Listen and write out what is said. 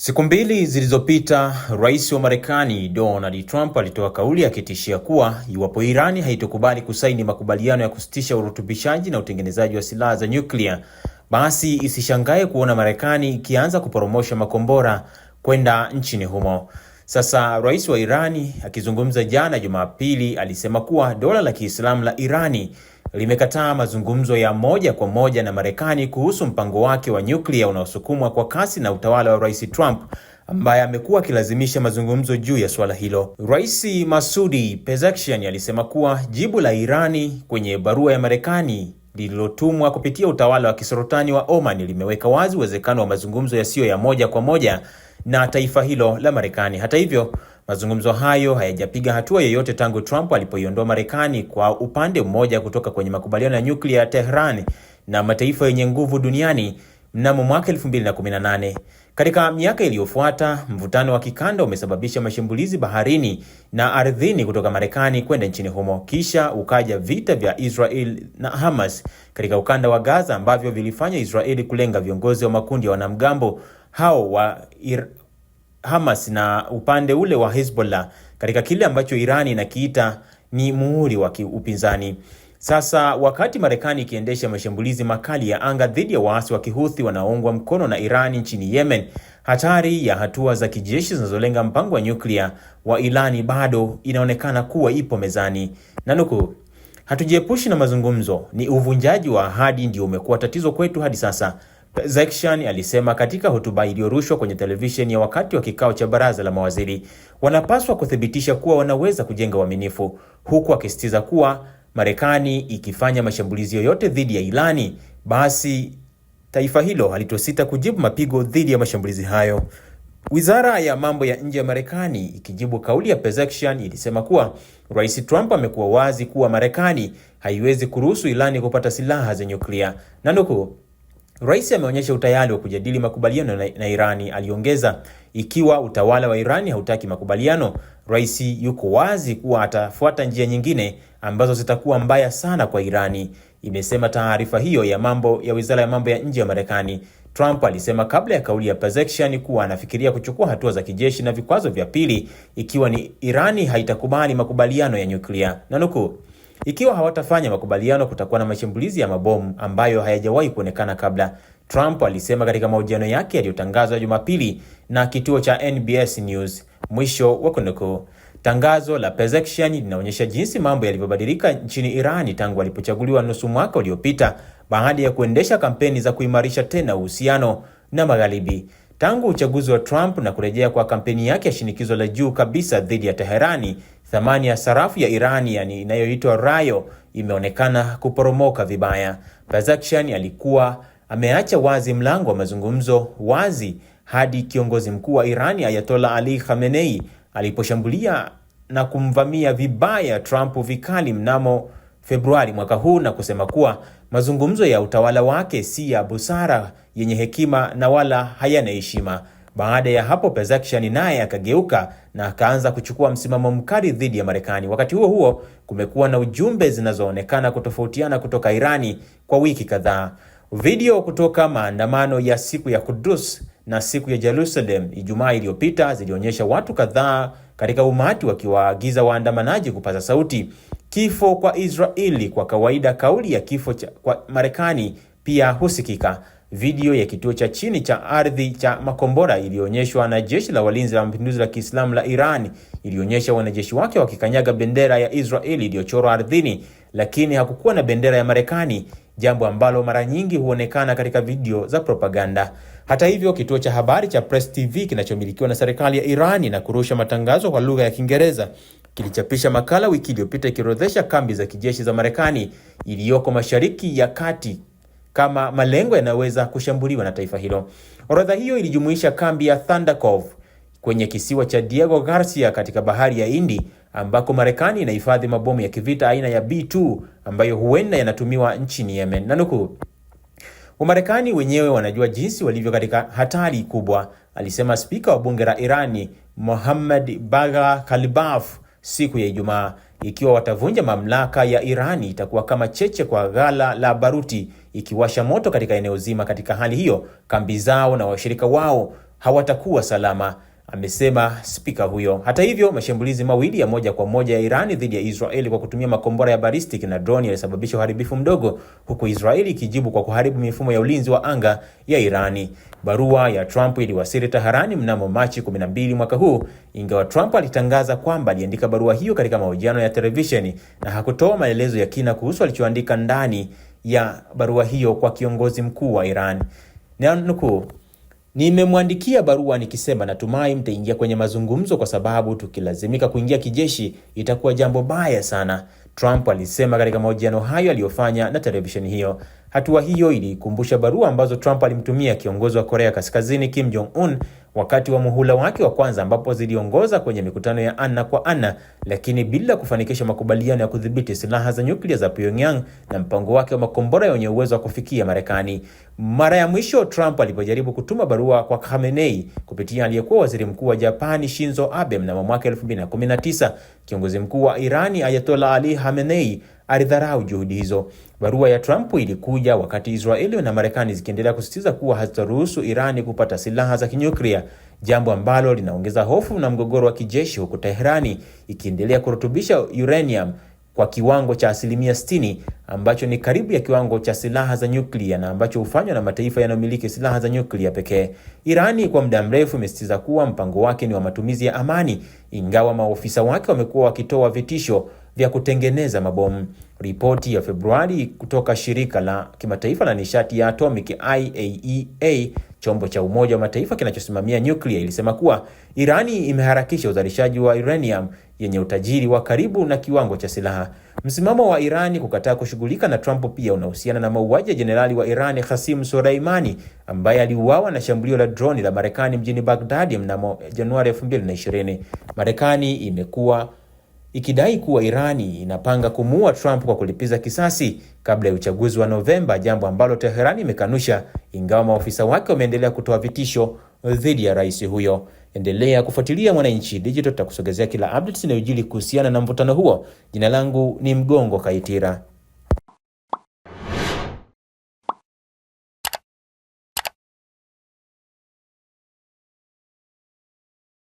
Siku mbili zilizopita, Rais wa Marekani Donald Trump alitoa kauli akitishia kuwa iwapo Irani haitokubali kusaini makubaliano ya kusitisha urutubishaji na utengenezaji wa silaha za nyuklia, basi isishangae kuona Marekani ikianza kuporomosha makombora kwenda nchini humo. Sasa Rais wa Irani akizungumza jana Jumapili alisema kuwa dola la Kiislamu la Irani limekataa mazungumzo ya moja kwa moja na Marekani kuhusu mpango wake wa nyuklia unaosukumwa kwa kasi na utawala wa Rais Trump ambaye amekuwa akilazimisha mazungumzo juu ya suala hilo. Rais Masudi Pezeshkian alisema kuwa jibu la Irani kwenye barua ya Marekani lililotumwa kupitia utawala wa kisorotani wa Oman limeweka wazi uwezekano wa mazungumzo yasiyo ya moja kwa moja na taifa hilo la Marekani. Hata hivyo, Mazungumzo hayo hayajapiga hatua yoyote tangu Trump alipoiondoa Marekani kwa upande mmoja kutoka kwenye makubaliano ya nyuklia ya Tehran na mataifa yenye nguvu duniani mnamo mwaka 2018. Katika miaka iliyofuata, mvutano wa kikanda umesababisha mashambulizi baharini na ardhini kutoka Marekani kwenda nchini humo, kisha ukaja vita vya Israel na Hamas katika ukanda wa Gaza ambavyo vilifanya Israeli kulenga viongozi wa makundi ya wanamgambo hao wa Hamas na upande ule wa Hezbollah katika kile ambacho Iran inakiita ni muhuri wa upinzani. Sasa wakati Marekani ikiendesha mashambulizi makali ya anga dhidi ya waasi wa Kihuthi wanaoungwa mkono na iran nchini Yemen, hatari ya hatua za kijeshi zinazolenga mpango wa nyuklia wa Irani bado inaonekana kuwa ipo mezani. Nanuku, hatujiepushi na mazungumzo, ni uvunjaji wa ahadi ndio umekuwa tatizo kwetu hadi sasa. Zekshan alisema katika hotuba iliyorushwa kwenye televisheni ya wakati wa kikao cha baraza la mawaziri, wanapaswa kuthibitisha kuwa wanaweza kujenga uaminifu, huku akisisitiza kuwa Marekani ikifanya mashambulizi yoyote dhidi ya Irani, basi taifa hilo halitosita kujibu mapigo dhidi ya mashambulizi hayo. Wizara ya mambo ya nje ya Marekani ikijibu kauli ya Pezeshkian ilisema kuwa Rais Trump amekuwa wazi kuwa Marekani haiwezi kuruhusu Irani kupata silaha za nyuklia na nukuu Rais ameonyesha utayari wa kujadili makubaliano na, na Irani, aliongeza. Ikiwa utawala wa Irani hautaki makubaliano, rais yuko wazi kuwa atafuata njia nyingine ambazo zitakuwa mbaya sana kwa Irani, imesema taarifa hiyo ya mambo ya Wizara ya Mambo ya Nje ya Marekani. Trump alisema kabla ya kauli ya Pezeshkian kuwa anafikiria kuchukua hatua za kijeshi na vikwazo vya pili ikiwa ni Irani haitakubali makubaliano ya nyuklia. Nanukuu, ikiwa hawatafanya makubaliano, kutakuwa na mashambulizi ya mabomu ambayo hayajawahi kuonekana kabla, Trump alisema katika mahojiano yake yaliyotangazwa Jumapili na kituo cha NBS News. Mwisho wa kunukuu. Tangazo la Pezeshkian linaonyesha jinsi mambo yalivyobadilika nchini Iran tangu alipochaguliwa nusu mwaka uliopita baada ya kuendesha kampeni za kuimarisha tena uhusiano na Magharibi. Tangu uchaguzi wa Trump na kurejea kwa kampeni yake ya shinikizo la juu kabisa dhidi ya Teherani, thamani ya sarafu ya Irani yani inayoitwa Rayo imeonekana kuporomoka vibaya. Bazakshan alikuwa ameacha wazi mlango wa mazungumzo wazi hadi kiongozi mkuu wa Irani Ayatollah Ali Khamenei aliposhambulia na kumvamia vibaya Trump vikali mnamo Februari mwaka huu na kusema kuwa Mazungumzo ya utawala wake si ya busara yenye hekima na wala hayana heshima. Baada ya hapo Pezeshkian naye akageuka na akaanza kuchukua msimamo mkali dhidi ya Marekani. Wakati huo huo, kumekuwa na ujumbe zinazoonekana kutofautiana kutoka Irani kwa wiki kadhaa. Video kutoka maandamano ya siku ya Kudus na siku ya Jerusalem Ijumaa iliyopita zilionyesha watu kadhaa katika umati wakiwaagiza waandamanaji kupaza sauti Kifo kwa Israeli. Kwa kawaida kauli ya kifo cha, kwa Marekani pia husikika. Video ya kituo cha chini cha ardhi cha makombora iliyoonyeshwa na jeshi la walinzi la mapinduzi la Kiislamu la Iran ilionyesha wanajeshi wake wakikanyaga bendera ya Israeli iliyochorwa ardhini, lakini hakukuwa na bendera ya Marekani jambo ambalo mara nyingi huonekana katika video za propaganda. Hata hivyo, kituo cha habari cha Press TV kinachomilikiwa na serikali ya Irani na kurusha matangazo kwa lugha ya Kiingereza kilichapisha makala wiki iliyopita ikiorodhesha kambi za kijeshi za Marekani iliyoko Mashariki ya Kati kama malengo yanayoweza kushambuliwa na taifa hilo. Orodha hiyo ilijumuisha kambi ya Thandakov kwenye kisiwa cha Diego Garcia katika bahari ya Hindi ambako Marekani inahifadhi mabomu ya kivita aina ya B2 ambayo huenda yanatumiwa nchini Yemen. Nanukuu, Wamarekani wenyewe wanajua jinsi walivyo katika hatari kubwa, alisema spika wa bunge la Irani Mohammad Bagha Kalibaf siku ya Ijumaa. Ikiwa watavunja mamlaka ya Irani, itakuwa kama cheche kwa ghala la baruti ikiwasha moto katika eneo zima. Katika hali hiyo, kambi zao na washirika wao hawatakuwa salama amesema spika huyo. Hata hivyo, mashambulizi mawili ya moja kwa moja ya Irani dhidi ya Israeli kwa kutumia makombora ya balistiki na droni yalisababisha uharibifu mdogo, huku Israeli ikijibu kwa kuharibu mifumo ya ulinzi wa anga ya Irani. Barua ya Trump iliwasili Taharani mnamo Machi 12 mwaka huu, ingawa Trump alitangaza kwamba aliandika barua hiyo katika mahojiano ya televisheni na hakutoa maelezo ya kina kuhusu alichoandika ndani ya barua hiyo kwa kiongozi mkuu wa Iran. Nukuu, Nimemwandikia barua nikisema natumai mtaingia kwenye mazungumzo kwa sababu tukilazimika kuingia kijeshi itakuwa jambo baya sana, Trump alisema katika mahojiano hayo aliyofanya na televisheni hiyo. Hatua hiyo ilikumbusha barua ambazo Trump alimtumia kiongozi wa Korea Kaskazini Kim Jong Un wakati wa muhula wake wa kwanza ambapo ziliongoza kwenye mikutano ya ana kwa ana, lakini bila kufanikisha makubaliano ya kudhibiti silaha za nyuklia za Pyongyang na mpango wake wa makombora yenye uwezo wa kufikia Marekani. Mara ya mwisho Trump alipojaribu kutuma barua kwa Khamenei kupitia aliyekuwa waziri mkuu wa Japani Shinzo Abe mnamo mwaka 2019, kiongozi mkuu wa Irani Ayatollah Ali Khamenei alidharau juhudi hizo. Barua ya Trump ilikuja wakati Israeli na Marekani zikiendelea kusisitiza kuwa hazitaruhusu Irani kupata silaha za kinyuklia, jambo ambalo linaongeza hofu na mgogoro wa kijeshi, huku Teherani ikiendelea kurutubisha uranium kwa kiwango cha asilimia 60 ambacho ni karibu ya kiwango cha silaha za nyuklia na ambacho hufanywa na mataifa yanayomiliki silaha za nyuklia pekee. Irani kwa muda mrefu imesisitiza kuwa mpango wake ni wa matumizi ya amani, ingawa maofisa wake wamekuwa wakitoa vitisho vya kutengeneza mabomu. Ripoti ya Februari kutoka shirika la kimataifa la nishati ya atomic IAEA e Chombo cha Umoja wa Mataifa kinachosimamia nyuklia ilisema kuwa Irani imeharakisha uzalishaji wa uranium yenye utajiri wa karibu na kiwango cha silaha. Msimamo wa Irani kukataa kushughulika na Trump pia unahusiana na mauaji ya jenerali wa Irani Qasim Soleimani ambaye aliuawa na shambulio la droni la Marekani mjini Baghdad mnamo Januari 2020. Marekani imekuwa ikidai kuwa Irani inapanga kumuua Trump kwa kulipiza kisasi kabla ya uchaguzi wa Novemba, jambo ambalo teherani imekanusha, ingawa maofisa wake wameendelea kutoa vitisho dhidi ya rais huyo. Endelea kufuatilia Mwananchi Digital, tutakusogezea kila updates inayojili kuhusiana na mvutano huo. Jina langu ni Mgongo Kaitira.